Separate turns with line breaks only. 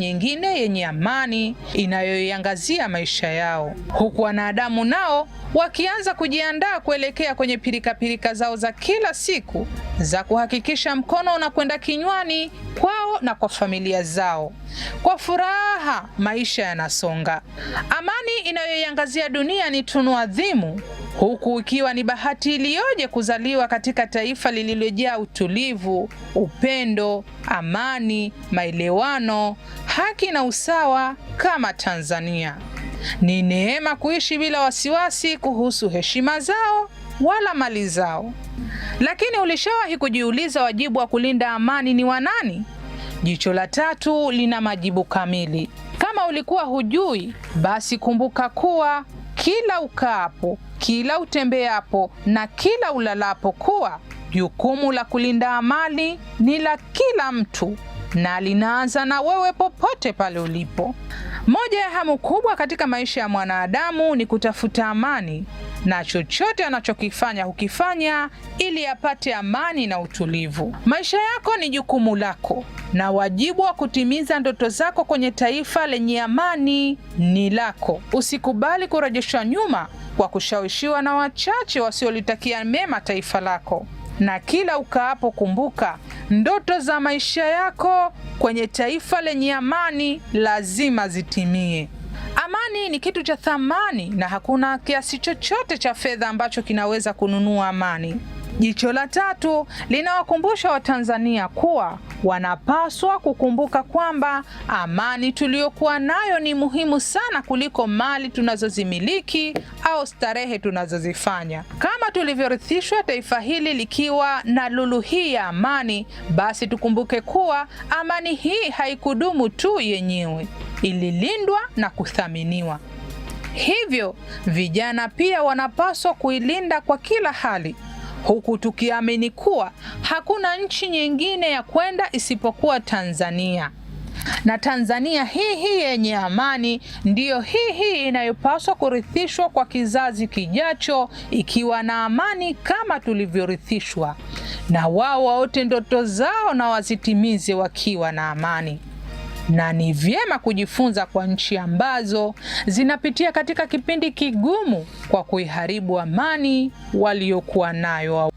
nyingine yenye amani inayoiangazia maisha yao, huku wanadamu nao wakianza kujiandaa kuelekea kwenye pirikapirika pirika zao za kila siku za kuhakikisha mkono unakwenda kinywani kwao na kwa familia zao. Kwa furaha maisha yanasonga. Amani inayoiangazia dunia ni tunu adhimu huku ikiwa ni bahati iliyoje kuzaliwa katika taifa lililojaa utulivu, upendo, amani, maelewano, haki na usawa kama Tanzania. Ni neema kuishi bila wasiwasi kuhusu heshima zao wala mali zao. Lakini ulishawahi kujiuliza wajibu wa kulinda amani ni wa nani? Jicho la Tatu lina majibu kamili. Kama ulikuwa hujui, basi kumbuka kuwa kila ukaapo, kila utembeapo na kila ulalapo, kuwa jukumu la kulinda amani ni la kila mtu na linaanza na wewe popote pale ulipo. Moja ya hamu kubwa katika maisha ya mwanadamu ni kutafuta amani, na chochote anachokifanya hukifanya ili apate amani na utulivu. Maisha yako ni jukumu lako, na wajibu wa kutimiza ndoto zako kwenye taifa lenye amani ni lako. Usikubali kurejeshwa nyuma kwa kushawishiwa na wachache wasiolitakia mema taifa lako, na kila ukaapo kumbuka Ndoto za maisha yako kwenye taifa lenye amani lazima zitimie. Amani ni kitu cha thamani na hakuna kiasi chochote cha fedha ambacho kinaweza kununua amani. Jicho la tatu linawakumbusha Watanzania kuwa wanapaswa kukumbuka kwamba amani tuliyokuwa nayo ni muhimu sana kuliko mali tunazozimiliki au starehe tunazozifanya tulivyorithishwa taifa hili likiwa na lulu hii ya amani, basi tukumbuke kuwa amani hii haikudumu tu yenyewe, ililindwa na kuthaminiwa. Hivyo vijana pia wanapaswa kuilinda kwa kila hali, huku tukiamini kuwa hakuna nchi nyingine ya kwenda isipokuwa Tanzania na Tanzania hii hii yenye amani ndiyo hii hii inayopaswa kurithishwa kwa kizazi kijacho, ikiwa na amani kama tulivyorithishwa, na wao waote ndoto zao na wazitimize wakiwa na amani. Na ni vyema kujifunza kwa nchi ambazo zinapitia katika kipindi kigumu kwa kuiharibu amani waliokuwa nayo.